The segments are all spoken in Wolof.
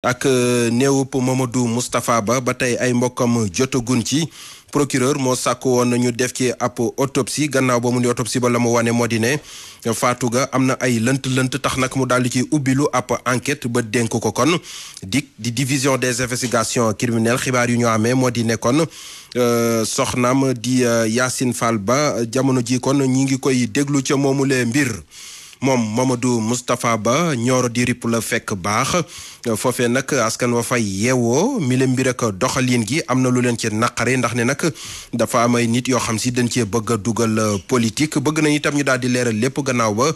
ak euh, néewub Mamadou Moustapha Ba ba tey ay mbokkam jotagun ci procureur moo sàkk woon na ñu def ci ap autopsie gannaaw ba mu ni autopsie ba la mu wane moo di ne am na ay lënt-lënt tax nag mu daal di ci ubbilu ab enquête ba dénk ko kon dik di division des investigations criminelles xibaar yu ñu amee moo di ne kon euh, soxnaam di euh, Yacine Fall Ba jamono ji kon ñi ngi koy déglu ca moomule mbir moom Mamadou Moustapha Ba ñooro di ripp la fekk baax foofee nag askan wa fay yeewoo mi leen mbir ak doxalin gi am na lu leen ci naqare ndax ne nag dafa am ay nit yoo xam si dañ cee bëgg dugal euh, politique bëgg nañ itam ñu daal di leeral lépp gannaaw ba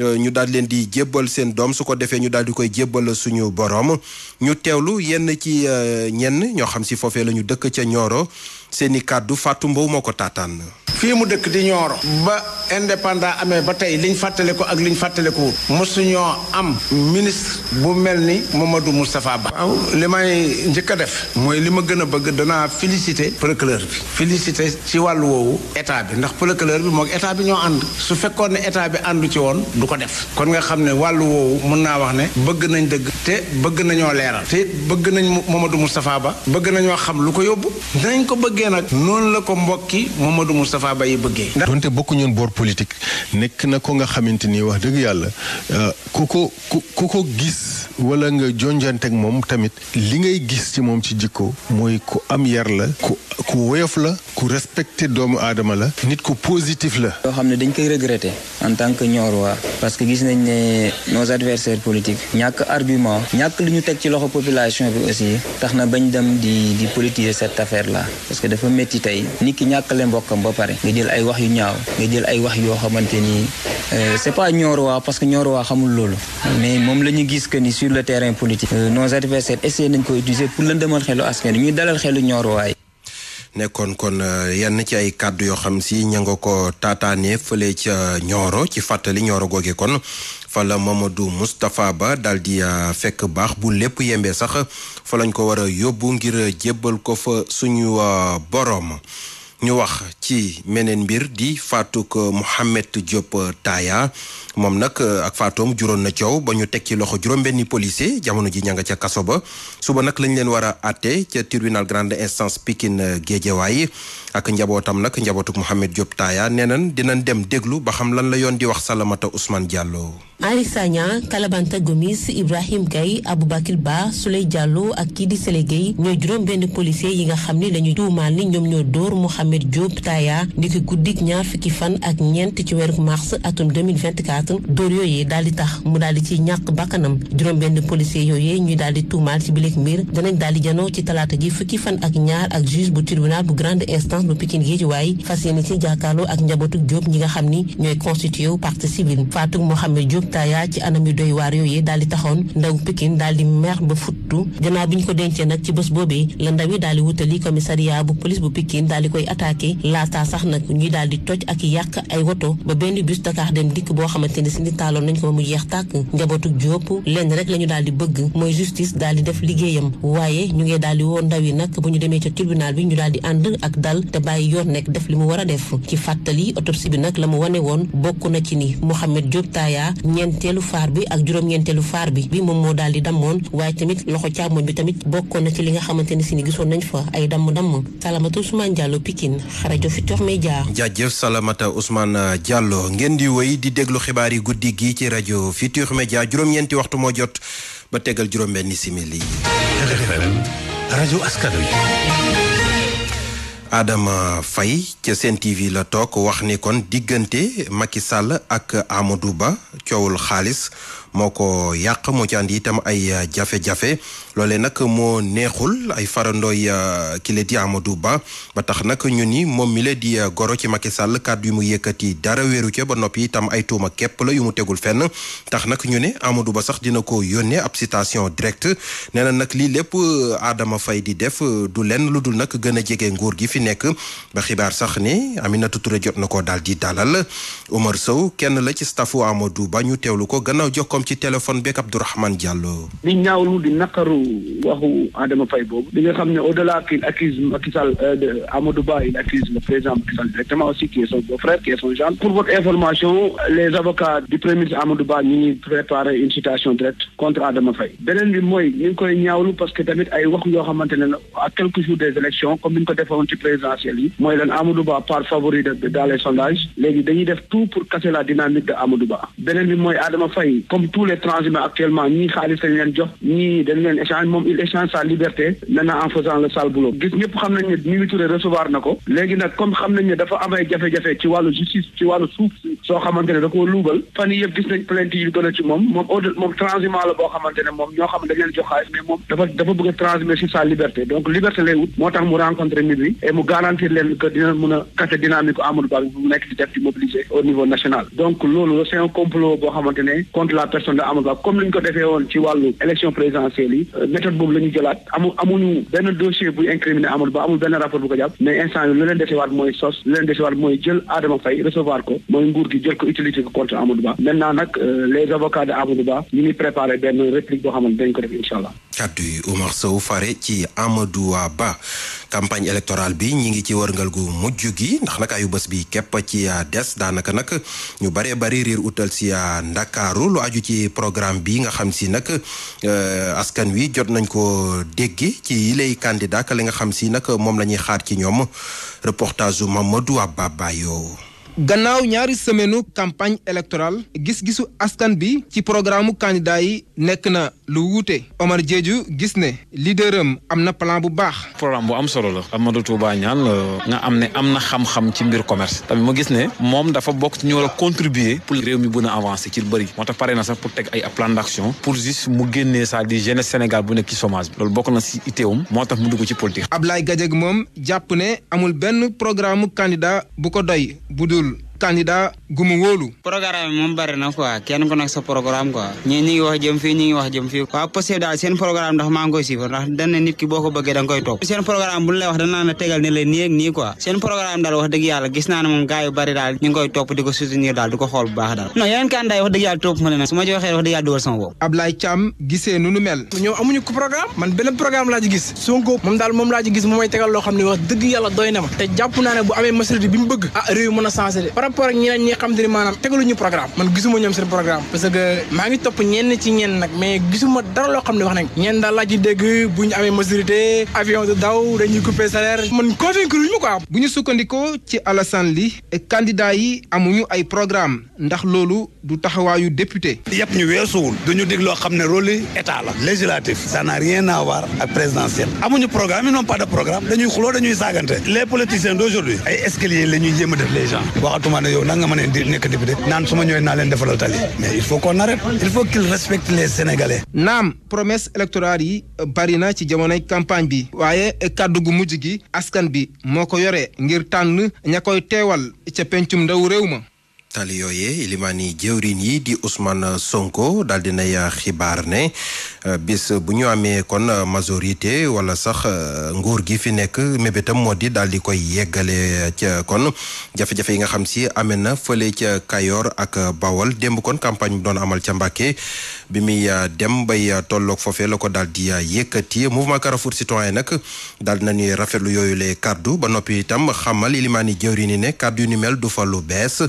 euh, ñu daal leen di jébbal seen doom su ko defee ñu daal di koy jébbal suñu borom ñu teewlu yenn ci euh, ñenn ñoo xam si foofee la ñu dëkk ca Nioro seeni kàddu Fatou Mbow moo ko taataan. fii mu dëkk di Nioro ba indépendant amee ba tey liñ fàttale ko ak liñ fàttale ko wut mosuñoo am ministre bu mel ni Mamadou Moustapha Ba waaw li may njëkk a def mooy li ma gën a bëgg danaa félicité procureur bi félicité ci wàllu woowu état bi ndax procureur bi moog état bi ñoo ànd su fekkoon ne état bi àndu ci woon du ko def kon nga xam ne wàllu woowu mën naa wax ne bëgg nañ dëgg te bëgg nañoo leeral te bëgg nañ Mamadou Moustapha Ba bëgg nañoo xam lu ko yóbbu nañ ko bëggee nag noonu la ko mbokki Mamadou Moustapha saaba yi bëggee. ndax donte bokkuñoon boor politique nekk na ko nga xamante ni wax dëgg yàlla euh, ku ko ku ko gis wala nga jonjanteek moom tamit li ngay gis ci moom ci jikko mooy ku am yar la ku ku woyof la ku respecté doomu aadama la nit ku positif la. yoo xam ne dañ koy regretter en tant que Nioro wa parce que gis nañ ne nos adversaires politiques ñàkk argument ñàkk lu ñu teg ci loxo population bi aussi tax na bañ dem di di politiser cette affaire là parce que dafa métti tey nit nga jël ay wax yu ñaaw nga jël ay wax yoo xamante ni euh, c'est pas Nioro waa parce que Nioro waa xamul loolu mais moom la ñu gis que ni sur le terrain politique euh, nos adversaires essayé nañ ko utiliser pour lan demal xelu askan ñuy dalal xelu Nioro waay nekkoon kon euh, yenn ci ay kàddu yoo xam si ña nga ko taataanee fële ca Nioro ci fàttali Nioro googe kon fa la Mamadou Moustapha Ba daal di fekk baax bu lépp yembee sax fa lañ ko war a yóbbu ngir jébbal ko fa suñu boroom. ñu wax ci meneen mbir di faatuk Mouhamed Diop Taaya moom nag euh, ak faatoom juróon na coow ba ñu teg ci loxo juróom-benni policier jamono ji ña nga ca kaso ba suba nag lañ leen war a àtte ca tribunal grande instance Pikine euh, Guédiawaye ak njabootam nag njabootuk Mouhamed Diop Taaya nee nañ dinañ dem déglu ba xam lan la yoon di wax Salamata Ousmane Diallo. Ali Sagna Kalabanta Gomis Ibrahim Gaye Aboubakil Ba Souley Diallo ak kii di Sele Gueye ñooy juróom-benn policier yi nga xam ni lañu tuumaal ni ñoom ñoo dóor Mouhamed Diop Taaya ndiki guddik geste dóor yooyee daal di tax mu daal di ci ñàkk bakkanam juróom-benn policier yooyee ñuy daal di tuumaal ci bileeg mbir danañ daal di janoo ci talaata ji fukki fan ak ñaar ak juge bu tribunal bu grande instance bu Pikine Guédiawaye fas yéene ci jàkkaarloo ak ci anam yu doy waar yooyee daal di taxoon ndaw Pikine daal di mer ba futtu gannaaw bi ñu ko dencee nag ci bés boobee la ndaw yi di wutali commissariat bu police bu Pikine daal di koy attaqué laataa sax nag ñuy daal di xamante ne si ni taaloon nañ ko mu jeex tàkk njabootu Diop lenn rek la ñu daal di bëgg mooy justice daal di def liggéeyam waaye ñu ngi daal di woo yi nag bu ñu demee ca tribunal bi daal di ànd ak dal te bàyyi yoon nekk def li mu war a def ci fàttali autopsie bi nag la mu wane woon bokk na ci ni Mouhamed Diop Taya ñeenteelu faar bi ak juróom-ñeenteelu faar bi bi moom moo daal di dammoon waaye tamit loxo càmmoñ bi tamit bokkoon na ci li nga xamante ne si gisoon nañ fa ay damm-damm Salamata Ousmane Diallo Pikine xarajo fi jox may jaar jaajëf Salamata Ousmane Diallo ngeen di wéy di déglu xibaar xibaar yi guddi gi ci rajo Futur Media juróom-ñeenti waxtu moo jot ba tegal juróom-benni simili. RFM rajo askan wi Adama fay ca Sen TV la toog wax ni kon diggante Macky sàll ak amadu Ba coowul xaalis moo ko yàq moo ci itam ay jafe-jafe loole nag moo neexul ay farandooy euh, kile di Amadou Ba ba tax nag ñu ni moom mi di euh, goro ci Macky sàll kàddu yu mu yëkkati dara weeru ca ba noppi itam ay tuuma képp la yu mu tegul fenn tax nag ñu ne Amadou Ba sax dina ko yónnee ab citation directe nee na nag lii lépp euh, Adama fay di def du lenn lu dul nak gën a jege nguur gi fi ci nekk ba xibaar sax ni Aminata Touré jot na ko daal di dalal Omar Sow kenn la ci staffu Amadou Ba ñu teewlu ko gannaaw jokkoom ci téléphone beeg Abdourahmane Diallo. di ñaawlu di naqaru waxu Adama Faye boobu. li nga xam ne au delà qu'il accuse Macky Sall euh, Amadou Ba il accuse le président Macky Sall directement aussi qui est son beau-frère qui est son gendre. pour votre information les avocats du premier ministre Ba ñu ngi préparé une citation directe contre Adama Faye. beneen bi mooy ñu koy ñaawlu parce que tamit ay wax présidentielles yi mooy leen Amadou Ba part favori de dans les sondages léegi dañuy def tout pour casser la dynamique de Amadou Ba beneen bi mooy Adama Faye comme tous les transhumants actuellement ñii xaalis lañ leen jox ñii dañ leen échange moom il échange sa liberté maintenant en faisant le sale boulot gis ñëpp xam nañ ne Mimi recevoir na ko léegi nag comme xam nañ ne dafa am jafe-jafe ci wàllu justice ci wàllu suuf soo xamante ne da luubal fan yii mu garantir leen que dina mën a casser dynamique Amadou Ba bi bu mu nekk di def di mobiliser au niveau national donc loolu c'est un complot boo xamante ne contre la personne de Amadou Ba comme li ñu ko defee woon ci wàllu élection présidentielle yi euh, méthode boobu la jëlaat amu amuñu benn dossier buy incriminer Amadou amul benn rapport bu ko jàpp mais instant yi lu leen desewaat mooy sos lu leen desewaat mooy jël Adama Faye recevoir ko mooy nguur gi jël ko utilité ko contre Amadou Ba maintenant nag euh, les avocats de bi. gi ñi ngi ci wërngal gu mujj gi ndax nag yu bés bi képp ci ah, des daanaka nag ñu baree bari riir utal si ah, ndakaaru lu aju ci programme bi nga xam si nag eh, askan wi jot nañ ko dégg ci yilay candidat li nga xam si nag moom la ñuy xaar ci ñoom reportage u Mamadou Abba Bayo gannaaw ñaari semaine campagne électorale gis-gisu askan bi ci programme candidat yi nekk na lu wuute Omar Diédiou gis ne leaderam am na plan bu baax. programme bu am solo la Amadou Touba ñaan euh, nga am ne am na xam-xam ci mbir commerce tamit ma gis ne moom dafa bokk ci ñu war contribuer pour réew mi bu na avancer ci lu moo tax pare na sax pour teg ay plan d'action pour juste mu génnee saa di jeunesse Sénégal bu nekk ci chômage bi loolu bokk na si itteewum moo tax mu dugg ci politique. Ablaye Gadiaga moom jàpp ne amul benn programme candidat bu ko doy candidat gu wóolu. programme moom bari na kenn ku nekk programme quoi ñii ñu ngi jëm fii ñu ngi jëm fii waaw Pastef daal seen programme ndax maa ngi koy suivre ndax dañ nit ki boo ko bëggee da koy topp seen programme bu ñu lay wax dañ tegal ne la nii ak nii seen programme daal wax dëgg yàlla gis naa moom gars bari daal ñu koy topp di ko soutenir daal di ko xool bu baax daal non yeneen candidat daal moom dëgg yàlla doy ma te jàpp naa bu amee majorité bi mu ah, xam te ni maanaam tegaluñu programme man gisuma ñoom seen programme parce que maa ngi topp ñenn ci ñenn nag mais gisuma dara loo xam ne wax nañ ñenn daal laa ci dégg bu ñu amee majorité avion de daw dañuy couper salaire man convaincre ñu quoi bu ñu sukkandikoo ci Alassane li candidat yi amuñu ay programme ndax loolu du taxawaayu député yëpp ñu weesuwul dañu dégg loo xam ne rôle état la législatif ça n'a rien à voir amuñu programme dañuy xuloo dañuy a def les gens di nekk député naan su ma ñëwee naa leen defaral tali mais il faut qu'on arrête il faut qu'il respecte les sénégalais. naam promesse électorale yi euh, bari na ci jamonoy campagne bi waaye euh, kàddu gu mujj gi askan bi moo ko yore ngir tànn ña koy teewal ca pencum ndaw réew ma. tali yooyee ilimaani jëwriñ yi di Ousmane Sonko daal di nay xibaar ne euh, bis bu ñu amee kon majorité wala sax euh, nguur gi fi nekk mébétam moo di daal di koy yeggale ca kon jafe-jafe yi nga xam si amee na fële ca Kayoor ak Bawol démb kon campagne bi doon amal ca Mbàkke bi muy euh, dem bay tolloog foofee la ko daal di yëkkati mouvement Carrefour citoyen nag daal di nañuy rafetlu yooyu les kaddu ba noppi itam xamal ilimaani jëwriñ yi ne kaddu yu ni mel du fa lu bees.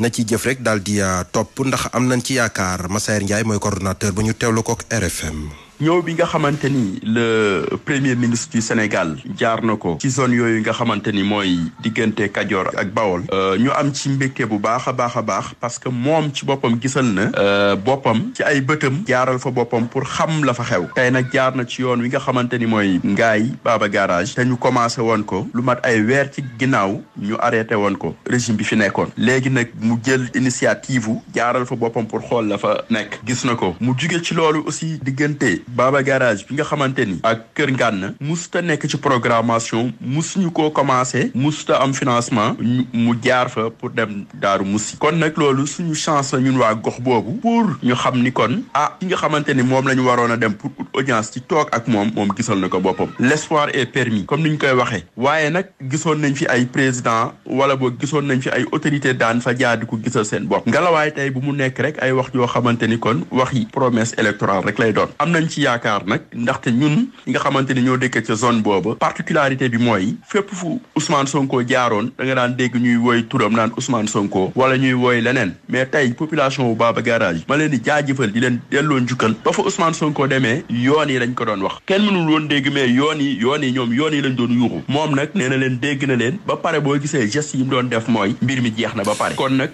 na ci jëf rek daal di ah, topp ndax am nañ ci yaakaar Massaer Ndiaye mooy cordinateur ba ñu teewlu kook RFM ñëw bi nga xamante ni le premier ministre du Sénégal jaar na ko ci zone yooyu nga xamante ni mooy diggante Kajoor ak Bawol. Euh, ñu am ci mbégte bu baax a baax a baax parce que moom ci boppam gisal na euh, boppam ci ay bëtam jaaral fa boppam pour xam la fa xew tey nag jaar na ci yoon wi nga xamante ni mooy ngaay Baba Garage te ñu commencé woon ko lu mat ay weer ci ginnaaw ñu arrêté woon ko régime bi fi nekkoon léegi nag mu jël initiative jaaral fa boppam pour xool la fa nekk gis na ko mu juge ci loolu aussi diggante Baba Garage bi nga xamante ni ak Kër Ngànn musuta nekk ci programmation musuñu koo commencé musuta am financement mu jaar fa pour dem Daaru si kon nag loolu suñu chance la ñun waa gox boobu pour ñu xam ni kon ah ki nga xamante ni moom la ñu waroon a dem pour audience ci toog ak moom moom gisal na ko boppam l'espoir est permis comme ni ñu koy waxee waaye nag gisoon nañ fi ay président wala boo gisoon nañu fi ay autorité daan fa jaar di ko gisal seen bopp ngelawaay tey bu mu nekk rek ay wax yoo xamante ni kon waxi promesse électorale rek lay doon am nañ ci yaakaar nag ndaxte ñun ñi nga xamante ne ñoo dëkk ca zone booba particularité bi mooy fépp fu Ousmane Sonko jaaroon da daan dégg ñuy woy turam naan Ousmane Sonko wala ñuy woy leneen mais tey population bu Baba Garage ma leen di jaajëfal di leen delloo njukkal ba fa Ousmane Sonko demee yoon yi lañ ko doon wax kenn mënul woon dégg mais yoon yi yoon yi ñoom yoon yi lañ doon yuuxu moom nag nee na leen dégg na leen ba pare boo gisee gestes yi mu doon def mooy mbir mi jeex na ba pare kon nag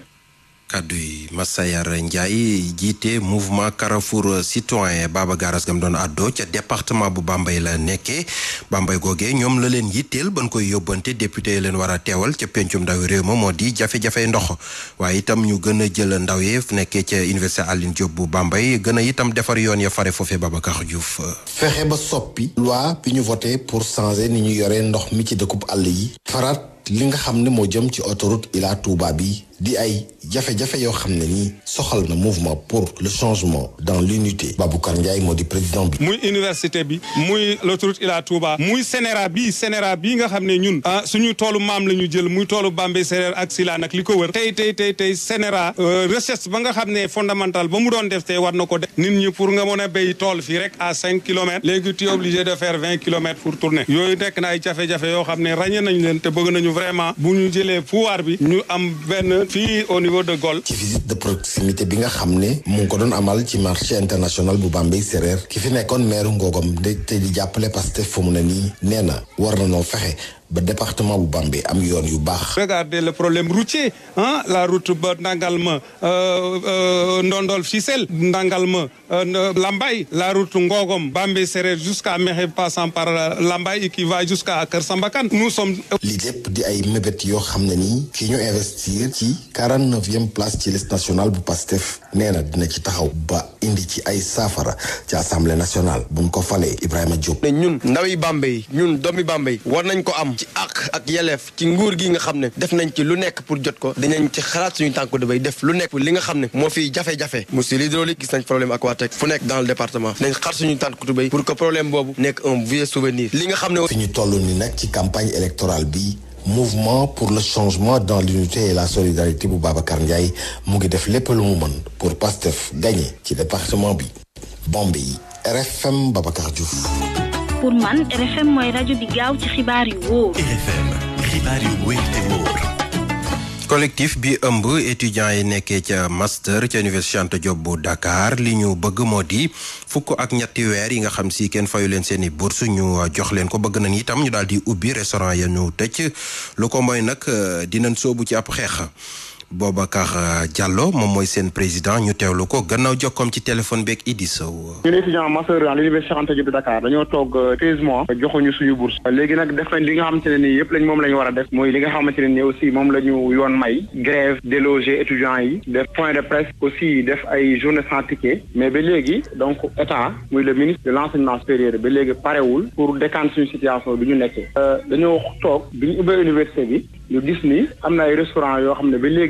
kàddu yi Massayar Ndiaye jiite mouvement Carrefour citoyen Baba Garas gam doon àddoo ca département bu Bambey la nekkee Bambey googee ñoom la leen yitteel ban koy yóbbante député leen war a teewal ca pencum ndawi réew ma moo di jafe-jafe ndox waaye itam ñu gën a jël ndaw yi nekkee ca université Alioune Diop bu Bambey gën a itam defar yoon ya fare foofe Babacar Diouf. fexe ba soppi. loi bi ñu voté pour changer ni ñu yore ndox mi ci dëkkub àll yi. faraat li nga xam ne moo jëm ci autoroute Ila Touba bi. di ay jafe-jafe yoo xam ne nii soxal na mouvement pour le changement dans l'unité Baboucar Ndiaye moo di président bi muy université bi muy l'autoroute Ila Touba muy sénéra bi nga xam ne ñun ah suñu toolu maam la ñu jël muy toolu Bambey sénéra ak Sila nag li ko wër tey tey tey sénéra euh, recherche ba nga xam ne fondamental ba mu doon def tey war na ko def nit ñi pour nga mën a béy tool fii rek à cinq kilomètres léegi tu obligé de faire vingt kilomètres pour tourner yooyu nekk fii au niveau de Gol. ci visite de proximité bi nga xam ne mu ngi ko doon amal ci marché international bu Bambey Séréer ki fi nekkoon meeru Ngogom de te di jàppale Pastef fu mu ne nii nee na war na noo fexe ba département bu Bambey am yoon yu baax. regardez le problème routier la route ba Ndangalma euh, euh, Ndondol Fissel ma euh, Lambaye la route Ngogom Bambey Sérère jusqu'à Mekhe passant par Lambaye et qui va jusqu'à Kër Sambakan nous sommes. li lépp di ay mébét yoo xam ne nii. ki ñu investir ci quarante neuvième place ci liste nationale bu PASTEF nee na dina ci taxaw ba indi ci ay saafara ca assemblée nationale bu ñu ko falee Ibrahima Diop. ne ñun ndawi Bambey ñun doomi ci àq ak yeleef ci nguur gi nga xam ne def nañ ci lu nekk pour jot ko dinañ ci xalaat suñu tànk dubay def lu nekk li nga xam ne moo fiy jafe-jafe monsieur l'hydraulique gis nañ problème aquatec fu nekk dans le département nañ xar suñu tànk dubay pour que problème boobu nekk un vieux souvenir li nga xam ne fi ñu toll ni nag ci campagne électorale bi mouvement pour le changement dans l'unité et la solidarité bu Babacar Ndiaye mu ngi def lépp lu mu mën pour Pastef gagner ci département bi Bambey RFM Babacar Diouf pour man RFM mooy rajo bi gaaw ci xibaar yu wóor. RFM xibaar bi ëmb étudiants yi nekkee ca master ca université Anta Dakar li ñu bëgg moo di fukk ak ñetti weer yi nga xam si kenn fayu leen seen i bourse ñu jox leen ko bëgg nañ itam ñu daal di ubbi restaurant ya ñu tëj lu ko mooy nag dina soobu ci ab xeex. Boubacar euh, Diallo moom mooy seen président ñu teewlu ko gannaaw jokkoom ci téléphone beeg Idi Sow. ñun étudiant master l'université Anta Diop Dakar dañoo toog euh, treize mois. joxuñu suñu bourse. léegi nag def nañ li nga xamante ne nii yëpp lañ moom la ñu a def. mooy li nga xamante ne nii aussi moom la yoon may. grève déloger étudiants yi. def point de presse aussi def ay journée sans mais ba léegi donc état muy le ministre de l' enseignement bi ñu nekkee. Euh, dañoo toog bi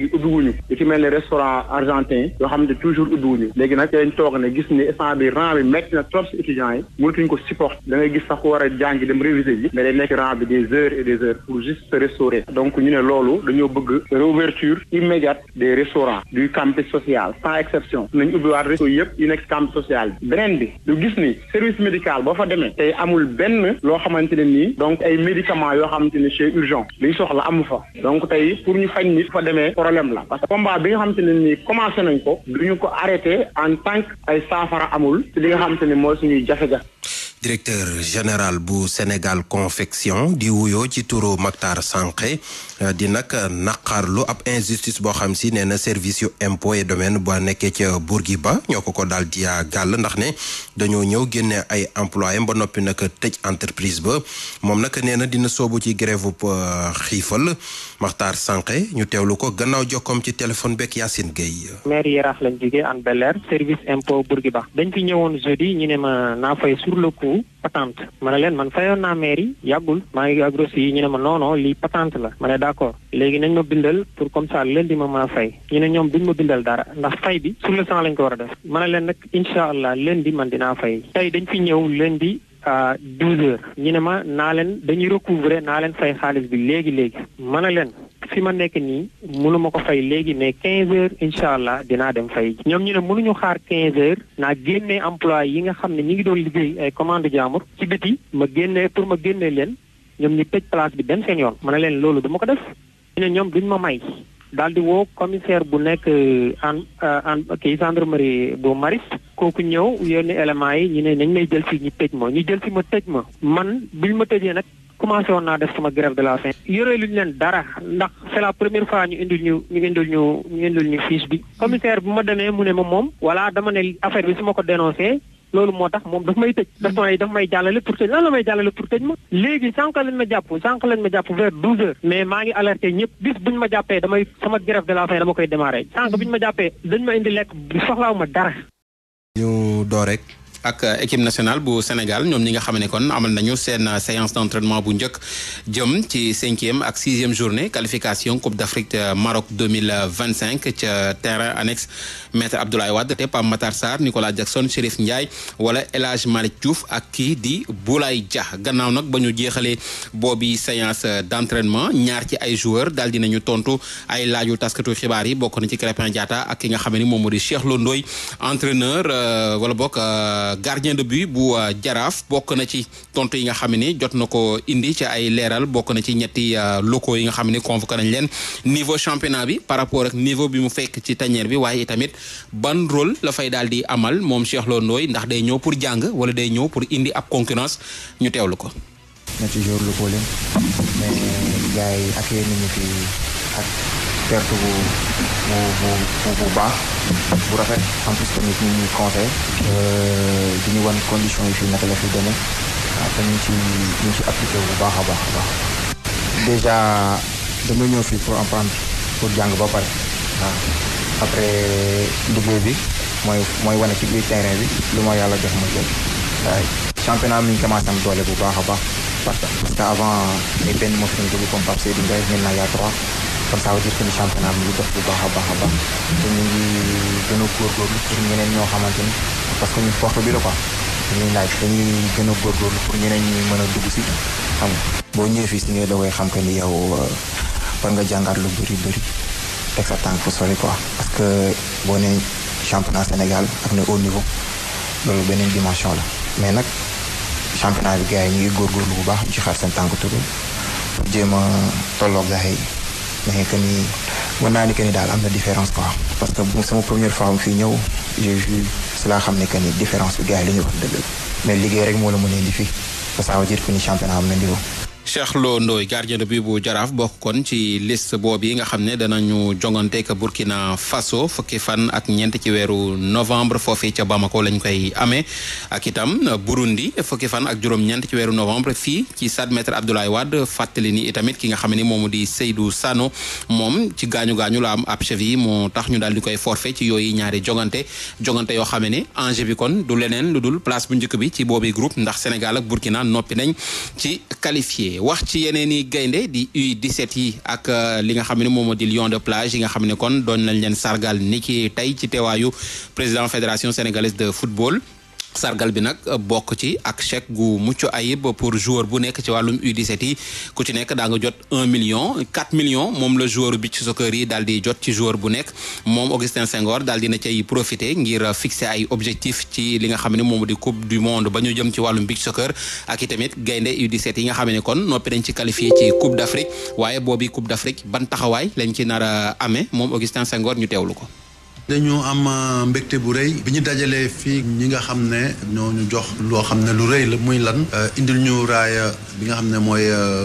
léegi ubbiwuñu li ci mel ne restaurant argentin yoo xam ne toujours ubbiwuñu léegi nag dañ toog ne gis ni instant bi rang bi metti na trop si étudiants yi mënatuñ ko support da ngay gis sax ku war a jàngi dem réviser ji mais day nekk rang bi des heures et des heures pour juste se restaurer donc ñu ne loolu dañoo bëgg réouverture immédiate des restaurants du campus social sans exception nañ ubbiwaat resto yëpp yu nekk campus social bi beneen bi lu gis ni service médical boo fa demee tey amul benn loo xamante ne nii donc ay médicaments yoo xamante ne c'est urgent liñ soxla amu fa problème la parce que combat bi nga xam ne nii commencé nañ ko duñu ko arrêté en tant ay saafara amul ci li nga xamante ne mooy suñuy jafe-jafe directeur général bu Sénégal confection di wuyoo ci turu magtar Sankhé euh, di nag naqarlu ab injustice boo xam si nee na service yu impôt et domaine boo nekkee ca ba ñoo ko ko daal di gàll ndax ne dañoo ñëw génne ay employé ba noppi nag tëj entreprise ba moom nag nee na dina soobu ci grève bu euh, xiifal Makhtar Sanké ñu teewlu ko gannaaw jokkoom ci téléphone beeg Yacine Gueye. maire Yaraax lañ jógee Hann Bel-Air service impôt Bourguiba. dañ fi ñëwoon jeudi ñu ne ma naa fay sur le coup patente ma ne leen man fayoon naa mairie yàggul maa ngi agros yi ñu ne ma non non lii la ma ne d'accord léegi nañ ma bindal pour comme leen di ma mën a fay ñu ne ñoom duñ ma bindal dara ndax fay bi sur le champ lañ ko war a def ma ne leen nag incha allah lundi man dinaa fay tey dañ fi ñëw lundi douze heures ñu ne ma naa leen dañuy recouvrer naa leen fay xaalis bi léegi léegi mën a leen fi ma nekk nii mënuma ko fay léegi ne quinze heures incha allah dinaa dem fay ñoom ñu ne mënuñu xaar quinze heures naa génnee employé yi nga xam ne ñu ngi doon liggéey ay commande jaamur ci biti ma génnee pour ma génnee leen ñoom ñu tëj place bi dem seen yoon mën a leen loolu dama ko def ñu ne ñoom duñ ma may daal di woo commissaire bu nekk euh, en euh, en kii gendarmerie bu Maris kooku ñëw yenn éléments yi ñu ne nañ may jël si ñu tëj ma ñu jël si ma tëj ma man bi ñu ma tëjee nag commencé woon naa def sama grève de la faim. yoree luñ leen dara ndax c'est la première fois ñu indil ñu ñu indil ñu ñu indil ñu fiche bi commissaire bu ma demee mu ne ma moom. voilà dama ne affaire bi su ma ko dénoncé. loolu moo tax moom daf may tëj daton yi daf may jàllale pour tëj la may jàllale pour tëj ma léegi sànq lañ ma jàpp sànq lañ ma jàpp vers douze heures mais maa ngi alerté ñëpp bis buñ ma jàppee damay sama grève de la faim dama koy démarrer sànq buñ ma jàppee dañ ma indi lekk soxlaaw ma dara ñu door rek ak euh, équipe nationale bu Sénégal ñoom ñi nga xam ne kon amal nañu seen euh, séance d'entraînement bu njëkk jëm ci cinquième ak sixième journée qualification Coupe d'Afrique Maroc deux mille vingt cinq ca terrain annexe maître Abdoulaye Wade te Pape Matar Sarr Nicolas Jackson Chérif Ndiaye wala El Hadj Malick ak kii di Boulaye Dia gannaaw nag ba ñu jeexalee boobi séance d'entraînement ñaar ci ay joueurs daal dinañu tontu ay laaju taskatu xibaar yi bokk na ci Crépin Diatta ak ki nga xam ne moom moo di Cheikh Lo Ndoye entraîneur euh, wala bokk. gardien de but bu euh, jaraaf bokk na ci tontu yi nga xam ni jot na ko indi ci ay leeral bokk na ci ñetti euh, locaux yi nga xam ni convoqué nañ leen niveau championnat bi par rapport ak niveau bi mu fekk ci tanière bi waaye itamit ban rôle la fay daal di amal moom Cheikh Lo ndax day ñëw pour jàng wala day ñëw pour indi ab concurrence ñu teewlu ko. ñetti jours locaux mais gars ak yéen ñu fi ak. perte bu bu bu baax bu rafet en plus tamit ñu ñuy euh, di ñu wan condition yi fii naka la fi demee waaw te ñu ngi ci appliqué bu baax a baax a baax déjà dama ñëw fii pour apprendre pour jàng ba pare waaw après liggéey bi mooy mooy wane ci biir terrain bi lu ma yàlla jox ma jël waaye championnat mi ngi commencé am doole bu baax a baax parce que parce que avant ay benn moo fi ñu dugg comme Pape Seydou Mbaye maintenant trois kon ça veut dire que ni championnat bi ngi dox bu baax a baax a baax te ñu ngi gën a góorgóorlu pour ñeneen ñoo xamante ni parce que ñun porte bi la quoi dañuy laaj dañuy gën a góorgóorlu pour ñeneen ñi mën a dugg si xam nga boo ñëwee fii si ngay doogay xam que ni yow euh, war nga jàngat lu bëri bëri teg sa tànk fu sori quoi parce que boo nee championnat Sénégal ak ne haut niveau loolu beneen dimension la mais nag championnat bi gars yi ñu ngi góorgóorlu bu baax ñu ci xaar seen tànk turu pour jéem a tolloog gars yi mais que ni naa ni que ni daal am na différence quoi. parce que bu sama première fois mu fi ñëw j'ai vu si laa xam ne que ni différence bi gars yi la ñu wax dëgg mais liggéey rek moo la mënee indi fii ça veut dire que ni championnat am na niveau. Cheikh Lo Ndoye gardien de but bu jaraaf bokk kon ci liste boobu yi nga xam ne danañu jongante ak Burkina Faso fukki fan ak ñeent ci weeru novembre foofii ca Bamako lañ koy amee ak itam Burundi fukki fan ak juróom-ñeent ci weeru novembre fii ci stade Maître Abdoulaye Wade fàttali ni itamit ki nga xam ne moomu di Seydou Sano moom ci gaañu gaañu la am ab cheville moo tax ñu daal di koy forfait ci yooyu ñaari jongante jongante yoo xam ne enjeu bi kon du leneen lu dul place bu njëkk bi ci boobu groupe ndax Sénégal ak Burkina noppi nañ ci qualifié wax ci yeneen i gaynde di di 17 yi ak euh, li nga xam ne moom moo di lion de plage yi nga xam ne kon doon nañ leen sargal ni ki tey ci teewaayu président fédération sénégalaise de football sargal bi nag bokk ci ak chèque gu mucc ayib pour joueur bu nekk ci wàllum U17 yi ku ci nekk daa nga jot un million quatre millions moom la joueur bi ci soccer yi daal di jot ci joueur bu nekk moom Augustin Senghor daal di na cay profité ngir fixer ay objectif ci li nga xam ne moom di coupe du monde ba ñu jëm ci wàllum beach soccer ak i tamit gaynde U17 yi nga xam ne kon noppi nañ ci qualifié ci coupe d'Afrique waaye boobi coupe d'Afrique ban taxawaay lañ ci nar a amee moom Augustin Senghor ñu teewlu ko. dañu am euh, mbégte bu rëy bi ñu dajalee fii ñi nga xam ne ñoo ñu jox loo xam ne lu rëy la muy lan euh, indil ñu raaya euh, bi nga xam ne mooy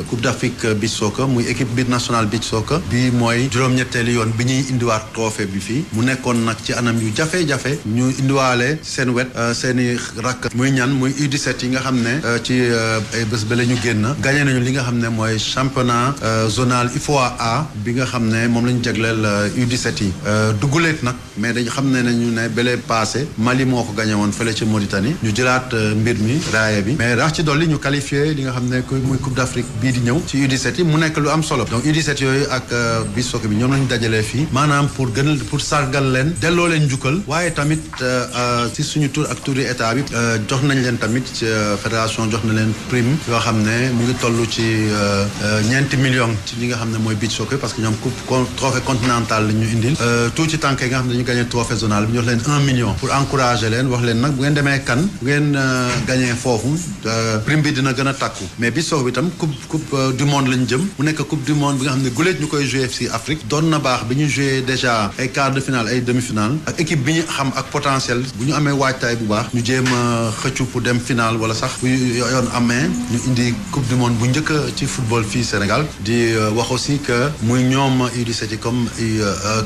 Coupe d'Afrique beach soccer muy équipe biir nationale beach soccer bi mooy juróom yoon bi ñuy indiwaat trophée bi fii mu nekkoon nag ci anam yu jafe-jafe ñu indiwaale seen wet seen i rakk muy ñan muy u yi nga xam ne ci ay bés ba ñu génn gagné nañu li nga xam ne mooy championnat zonal UFOA A bi nga xam ne moom la ñu jagleel U17 yi duguleet nag mais dañu xam ne nañu ne bële passé Mali moo ko gagné woon fële ci Mauritanie ñu jëlaat euh, mbir mi raaya bi mais rax ci dolli ñu qualifié li nga xam ne muy Coupe d'Afrique bii di ñëw ci U17 yi mu nekk lu am solo donc U17 yooyu ak euh, bi sokki bi ñoom lañu dajalee fii maanaam pour gënal pour sargal leen delloo leen njukkal waaye tamit si euh, suñu tur ak turi état bi jox nañ leen tamit fédération jox na leen prime yoo xam ne mu ngi toll ci ñeenti millions ci li nga xam ne mooy beach soccer parce que ñoom coupe trophée continental ñu indil tuuti tànk yi ñu gagné trophée zonal bi ñu wax leen un million pour encourager leen wax leen nag bu ngeen demee kan bu ngeen euh, gagné foofu euh, prime bi dina a bu ñu amee waajtaay bu baax ñu a xëccu pour dem finale wala sax bu yoon amee ñu indi coupe du monde bu njëkk ci football fii Sénégal di euh, wax aussi que muy ñoom U17 comme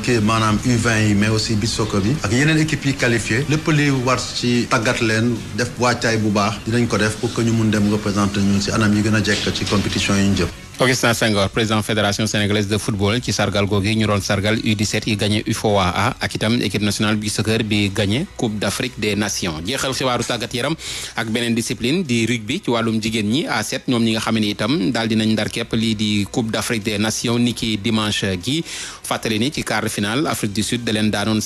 kii maanaam U20 yi mais aussi ci beach soccer bi ak yeneen équipe yi qualifié lépp li war ci tàggat leen def waajtaay bu baax dinañ ko def pour que ñu mun dem représenter ñun si anam yi gën a jekk ci compétition yi ñu jëm Augustin président fédération sénégalaise de football ci sargal googu ñu doon sargal U17 yi gagné UFOA ak itam équipe nationale bi soccer bi d'Afrique des Nations jeexal xibaaru tàggat yaram ak beneen discipline di rugby ci wàllum jigéen ñi A7 ñoom ñi nga xam ne itam daal dinañ ndar képp lii di Coupe d'Afrique des Nations ni dimanche gi fàttali ni ci quart final Afrique du Sud da leen daanoon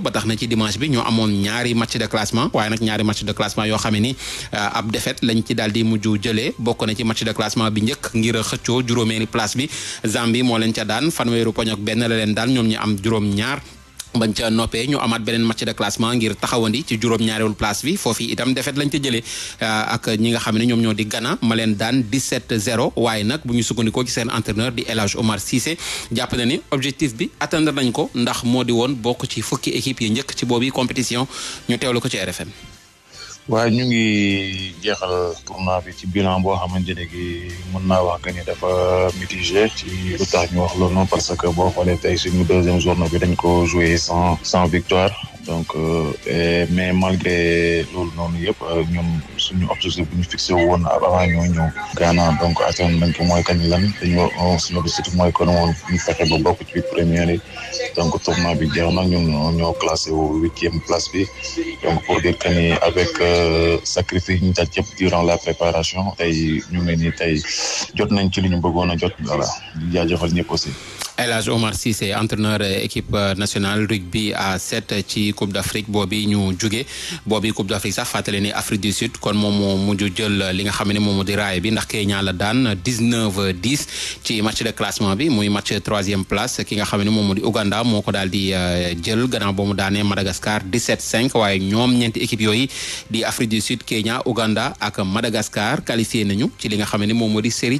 ba tax na ci dimanche bi ñoo amoon ñaari match de classement waaye xëccoo juróomeeni place bi Zambie moo leen ca daan fanweeru poñ ak benn la leen daan ñoom ñu am juróom ñaar bañ ca noppee ñu amaat beneen match de classement ngir taxawandi ci juróom-ñaareelu place bi foofu itam defeet lañ ca jëlee ah, ak ñi nga xam ne ñoom ñoo di Ghana ma leen daan 17-0 waaye nag bu ñu sukkandikoo ci seen entraîneur di El Hadj Omar Cissé jàpp ni objectif bi atteindre nañ ko ndax moo di woon bokk ci fukki équipe yi njëkk ci boobu compétition ñu teewlu ko ci RFM. waaye ñu ngi jeexal tournoi bi ci bilan boo xamante ne gi mën naa wax que ni dafa mitigé ci lu tax ñu wax loolu parce que boo xoolee tey suñu deuxième journée bi dañ ko joué sans sans victoire donc euh, et mais malgré loolu noonu yëpp a euh, suñu objectif bu ñu fixé woon avant ñoo ñëw Ghana donc atteindre nañ ko mooy kañ lan dañu euh, suñu objectif mooy que ñu fexe ba bokk ci première yi donc tournoi bi jeex na ñun ñoo classé au place bi donc pour dire que ni avec sacrifice ñu daj yëpp durant la préparation tey ñu ngi nii tey jot nañ ci li ñu bëggoon a jot voilà di jaajëfal ñëpp aussi. El Hadj Omar Cissé entraîneur équipe nationale rugby à sept ci Coupe d'Afrique boobi ñu jóge boobi Coupe d'Afrique sax fàttale ni Afrique du Sud kon moom moo mujj jël li nga xam ne moom moo di raay bi ndax Kenya la daan 19 10 ci match de classement bi muy match troisième place ki nga xam ne moom moo di Ouganda moo ko daal di euh, jël gannaaw boo mu daanee Madagascar 17 5 waaye ñoom ñeenti équipe yooyu di Afrique du Sud Kenya Ouganda ak Madagascar qualifié nañu ci li nga xam moo di série